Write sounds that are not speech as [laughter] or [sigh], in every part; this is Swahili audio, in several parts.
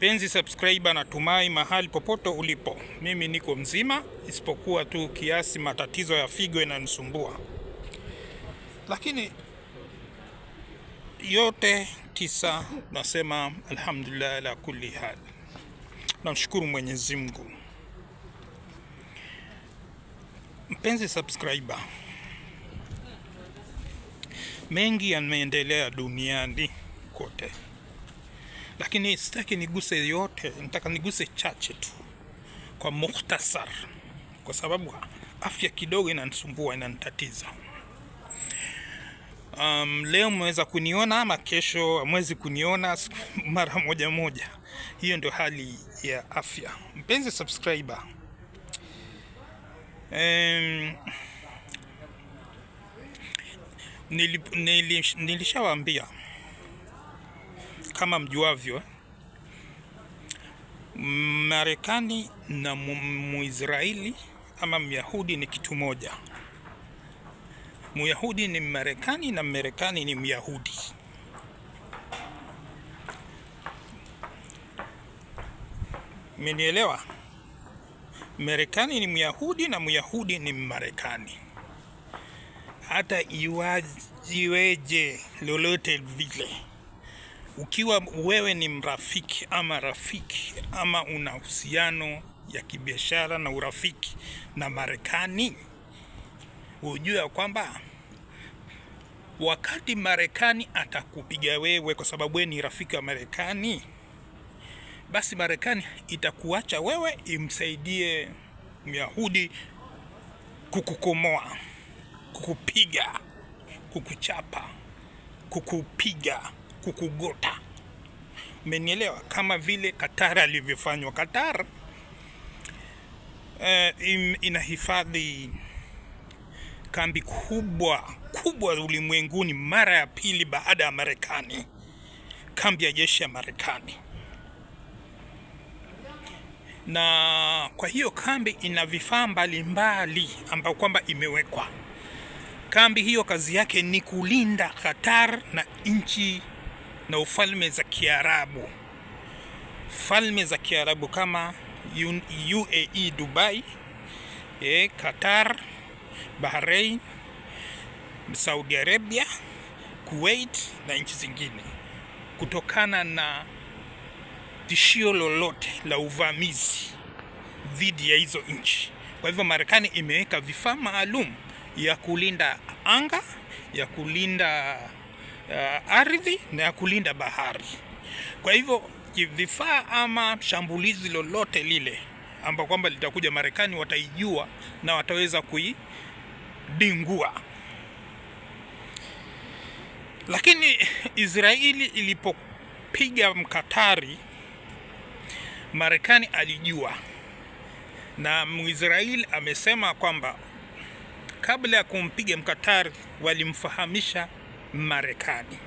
Mpenzi subscriber, natumai mahali popote ulipo, mimi niko mzima, isipokuwa tu kiasi matatizo ya figo yananisumbua, lakini yote tisa nasema alhamdulillah ala kulli hal, namshukuru Mwenyezi Mungu. Mpenzi subscriber, mengi yameendelea duniani kote lakini sitaki niguse yote, nataka niguse chache tu kwa mukhtasar, kwa sababu afya kidogo inanisumbua inanitatiza. Um, leo mweza kuniona ama kesho mwezi kuniona [laughs] mara moja moja. Hiyo ndio hali ya afya, mpenzi subscriber. Um, nili, nili, kama mjuavyo, Marekani na Muisraeli ama Myahudi ni kitu moja. Myahudi ni Marekani na Marekani ni Myahudi. menielewa Marekani ni Myahudi na Myahudi ni Marekani. Hata iwajiweje lolote vile ukiwa wewe ni mrafiki ama rafiki ama una uhusiano ya kibiashara na urafiki na Marekani, hujue ya kwamba wakati Marekani atakupiga wewe kwa sababu wewe ni rafiki wa Marekani, basi Marekani itakuacha wewe imsaidie Myahudi kukukomoa, kukupiga, kukuchapa, kukupiga kukugota. Umenielewa? Kama vile Qatar alivyofanywa. Qatar uh, inahifadhi kambi kubwa kubwa ulimwenguni, mara ya pili baada ya Marekani, kambi ya jeshi ya Marekani. Na kwa hiyo kambi ina vifaa mbalimbali ambayo kwamba imewekwa. Kambi hiyo kazi yake ni kulinda Qatar na nchi na ufalme za Kiarabu, falme za Kiarabu kama UAE, Dubai, e, Qatar, Bahrain, Saudi Arabia, Kuwait na nchi zingine, kutokana na tishio lolote la uvamizi dhidi ya hizo nchi. Kwa hivyo Marekani imeweka vifaa maalum ya kulinda anga, ya kulinda uh, ardhi na ya kulinda bahari. Kwa hivyo vifaa ama shambulizi lolote lile ambao kwamba litakuja Marekani wataijua na wataweza kuidingua. Lakini Israeli ilipopiga mkatari, Marekani alijua, na Mwisraeli amesema kwamba kabla ya kumpiga mkatari walimfahamisha Marekani.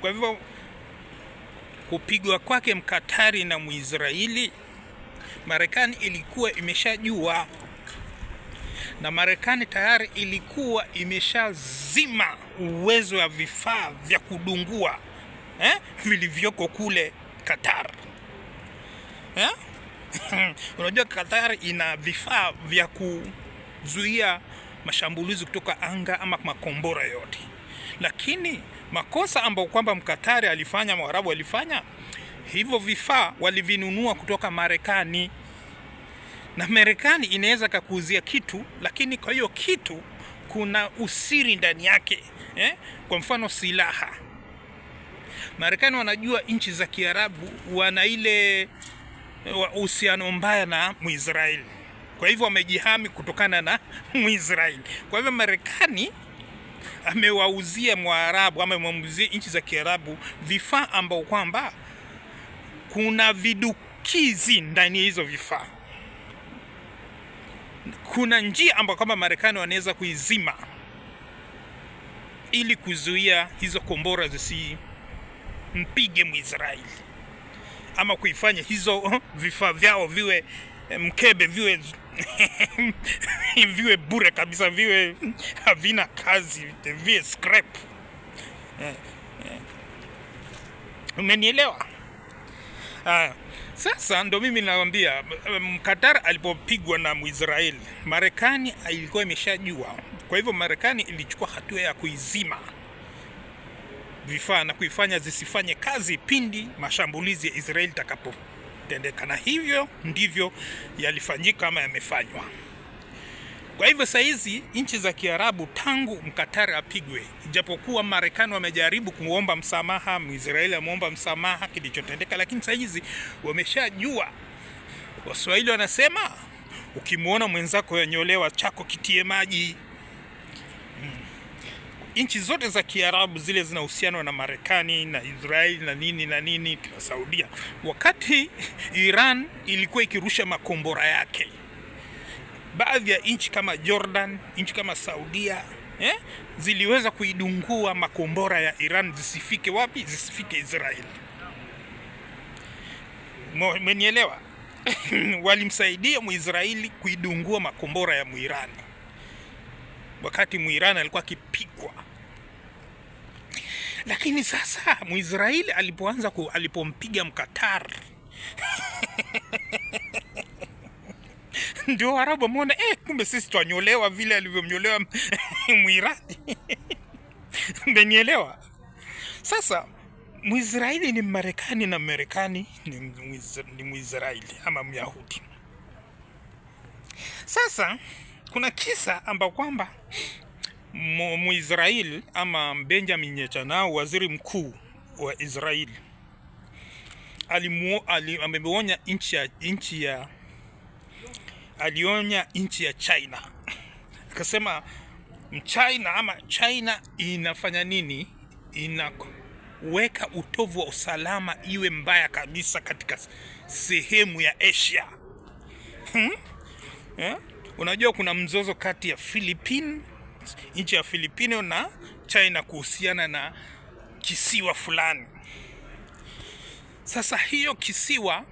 Kwa hivyo kupigwa kwake Mkatari na Mwisraeli, Marekani ilikuwa imeshajua, na Marekani tayari ilikuwa imeshazima uwezo wa vifaa vya kudungua eh, vilivyoko kule Qatar eh? [laughs] Unajua, Qatar ina vifaa vya kuzuia mashambulizi kutoka anga ama makombora yote lakini makosa ambayo kwamba Mkatari alifanya, Mwarabu alifanya, hivyo vifaa walivinunua kutoka Marekani na Marekani inaweza kakuuzia kitu, lakini kwa hiyo kitu kuna usiri ndani yake eh? Kwa mfano silaha, Marekani wanajua nchi za Kiarabu wana ile eh, uhusiano mbaya na Mwisraeli, kwa hivyo wamejihami kutokana na [laughs] Mwisraeli. Kwa hivyo Marekani amewauzia Mwarabu ama amewauzia nchi za Kiarabu vifaa ambao kwamba kuna vidukizi ndani ya hizo vifaa. Kuna njia ambayo kwamba Marekani wanaweza kuizima ili kuzuia hizo kombora zisimpige Mwisraeli ama kuifanya hizo vifaa vyao viwe eh, mkebe viwe [laughs] viwe bure kabisa, viwe havina kazi, viwe scrap. Eh, eh. Umenielewa? Ah, sasa ndo mimi nawambia um, Qatar alipopigwa na Mwisraeli, Marekani ilikuwa imeshajua. Kwa hivyo Marekani ilichukua hatua ya kuizima vifaa na kuifanya zisifanye kazi pindi mashambulizi ya Israeli takapo kutendeka, na hivyo ndivyo yalifanyika ama yamefanywa. Kwa hivyo saa hizi nchi za Kiarabu tangu Mkatari apigwe, ijapokuwa Marekani wamejaribu kuomba msamaha, Mwisraeli ameomba msamaha kilichotendeka, lakini saa hizi wameshajua. Waswahili wanasema ukimwona mwenzako yanyolewa chako kitie maji nchi zote za Kiarabu zile zina uhusiano na Marekani na Israeli na nini na nini na Saudia. Wakati Iran ilikuwa ikirusha makombora yake, baadhi ya nchi kama Jordan, nchi kama Saudia eh, ziliweza kuidungua makombora ya Iran zisifike wapi? Zisifike Israeli. Mmenielewa? [laughs] Walimsaidia Muisraeli kuidungua makombora ya Muirani wakati Muirani alikuwa akipigwa lakini sasa Mwisraeli alipoanza ku, alipompiga Mkatar [laughs] ndio Arabu ameona eh, kumbe sisi twanyolewa vile alivyomnyolewa [laughs] Mwirani [laughs] Mmenielewa? Sasa Mwisraeli ni marekani na marekani ni Mwisraeli ama Myahudi. Sasa kuna kisa ambao kwamba muisrael ama Benjamin Netanyahu, waziri mkuu wa Israeli, ameonya nchi ya ya alionya nchi ya China [laughs] akasema, mchina ama China inafanya nini? Inaweka utovu wa usalama iwe mbaya kabisa katika sehemu ya Asia hmm? yeah? Unajua kuna mzozo kati ya Philippines nchi ya Filipino na China kuhusiana na kisiwa fulani. Sasa hiyo kisiwa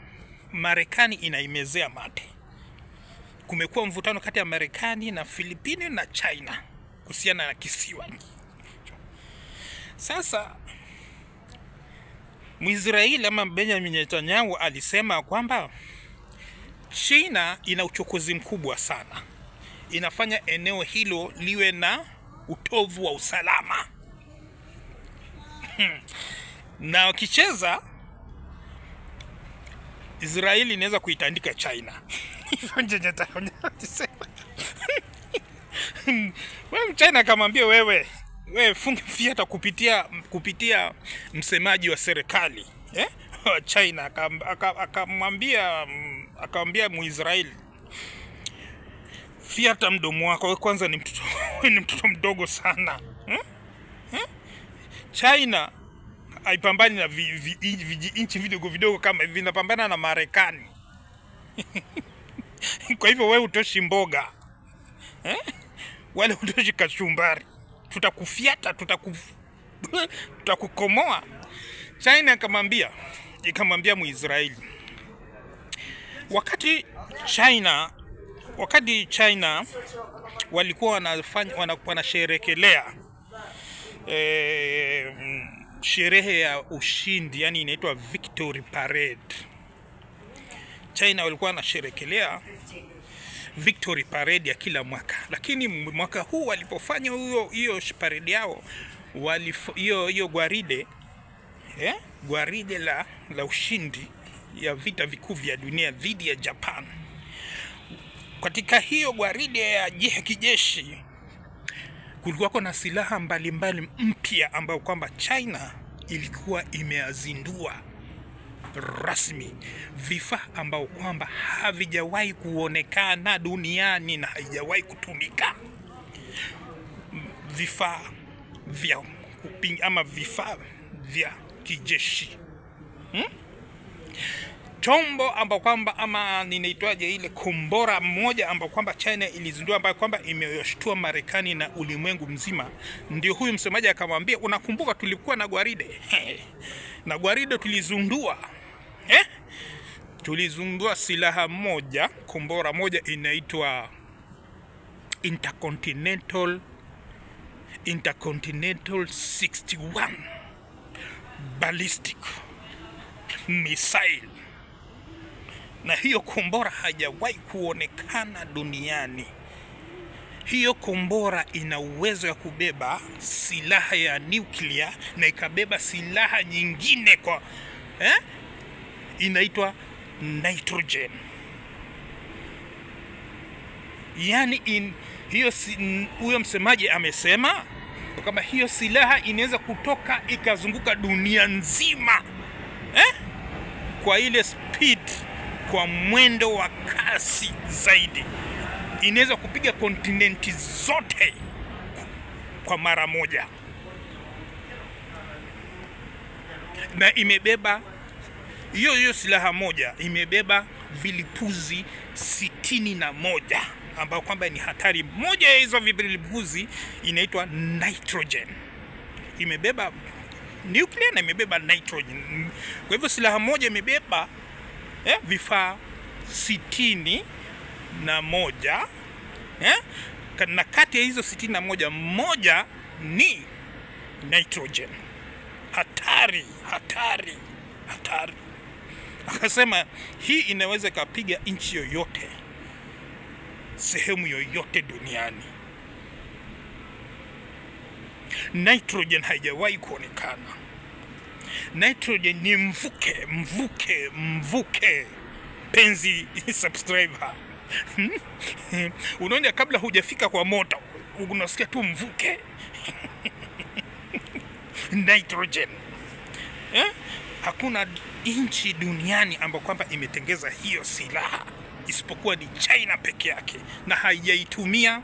Marekani inaimezea mate. Kumekuwa mvutano kati ya Marekani na Filipino na China kuhusiana na kisiwa. Sasa Mwisraeli ama Benjamin Netanyahu alisema kwamba China ina uchokozi mkubwa sana inafanya eneo hilo liwe na utovu wa usalama hmm. na wakicheza Israeli inaweza kuitandika China [laughs] [laughs] wewe Mchina akamwambia wewe, wewe funga fiata kupitia, kupitia msemaji wa serikali eh? [laughs] China akamwambia mm, akamwambia Muisraeli fia hata mdomo wako kwanza ni mtoto, [laughs] ni mtoto mdogo sana hmm? Hmm? China haipambani na vi, vi, vi, nchi vidogo vidogo kama hivi, vinapambana na Marekani [laughs] kwa hivyo we utoshi mboga eh? Hmm? Wala utoshi kachumbari, tutakufyata [laughs] tutakukomoa, China ikamwambia ikamwambia Muisraeli wakati China wakati China walikuwa wanafanya wanasherekelea e, sherehe ya ushindi, yani inaitwa victory parade. China walikuwa wanasherekelea victory parade ya kila mwaka, lakini mwaka huu walipofanya hiyo hiyo parade yao hiyo hiyo gwaride eh, gwaride la, la ushindi ya vita vikuu vya dunia dhidi ya Japan katika hiyo gwaride ya kijeshi kulikuwa na silaha mbalimbali mpya ambayo kwamba China ilikuwa imeazindua rasmi, vifaa ambao kwamba havijawahi kuonekana duniani na haijawahi kutumika, vifaa vya kupinga ama vifaa vya kijeshi hmm? chombo ambao kwamba ama ninaitwaje ile kombora mmoja ambao kwamba China ilizindua ambayo kwamba imeyoshtua Marekani na ulimwengu mzima. Ndio huyu msemaji akamwambia, unakumbuka tulikuwa na gwaride na gwaride tulizundua eh? tulizundua silaha moja kombora moja inaitwa Intercontinental Intercontinental 61 ballistic missile na hiyo kombora hajawahi kuonekana duniani. Hiyo kombora ina uwezo ya kubeba silaha ya nuklia na ikabeba silaha nyingine kwa eh? Inaitwa nitrogen, yani in, hiyo huyo msemaji amesema kama hiyo silaha inaweza kutoka ikazunguka dunia nzima eh? kwa ile speed kwa mwendo wa kasi zaidi, inaweza kupiga kontinenti zote kwa mara moja, na imebeba hiyo hiyo silaha moja imebeba vilipuzi sitini na moja ambayo kwamba ni hatari. Moja ya hizo vilipuzi inaitwa nitrogen, imebeba nuclear na imebeba nitrogen. Kwa hivyo silaha moja imebeba eh, vifaa sitini na moja eh, na kati ya hizo sitini na moja moja ni nitrogen. Hatari, hatari, hatari. Akasema hii inaweza ikapiga nchi yoyote sehemu yoyote duniani. Nitrogen haijawahi kuonekana Nitrogen ni mvuke mvuke mvuke, penzi [laughs] subscriber hmm? [laughs] unaona, kabla hujafika kwa moto unasikia tu mvuke [laughs] nitrogen eh? Hakuna nchi duniani ambayo kwamba imetengeza hiyo silaha isipokuwa ni China peke yake, na haijaitumia.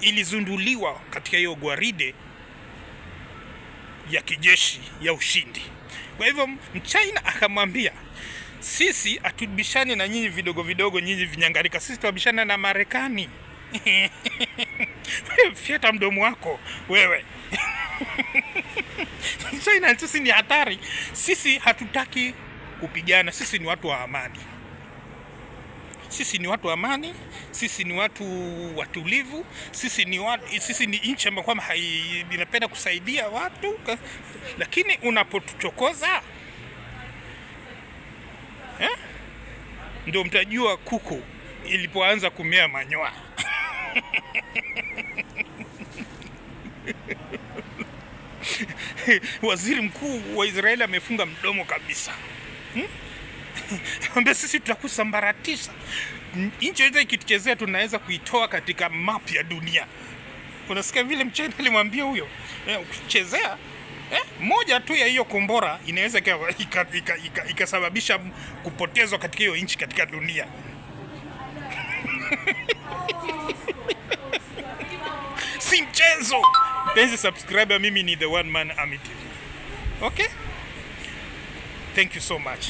Ilizunduliwa katika hiyo gwaride ya kijeshi ya ushindi. Kwa hivyo Mchina akamwambia, sisi atubishane na nyinyi vidogo vidogo, nyinyi vinyangarika, sisi tunabishana na Marekani. [laughs] Fyata mdomo wako wewe. [laughs] China sisi ni hatari, sisi hatutaki kupigana, sisi ni watu wa amani. Sisi ni watu amani, sisi ni watu watulivu, sisi ni, watu, sisi ni nchi ambayo kwamba inapenda kusaidia watu, lakini unapotuchokoza eh, ndio mtajua kuku ilipoanza kumea manyoa [laughs] Waziri mkuu wa Israeli amefunga mdomo kabisa hmm? [laughs] ambaye sisi tutakusambaratisha. Nchi yote ikituchezea, tunaweza kuitoa katika map ya dunia. Unasikia vile mchana alimwambia huyo eh, ukichezea eh, moja tu ya hiyo kombora inaweza ikasababisha kupotezwa katika hiyo nchi katika dunia [laughs] si mchezo. Penzi subscriber, mimi ni the one man army Okay, thank you so much.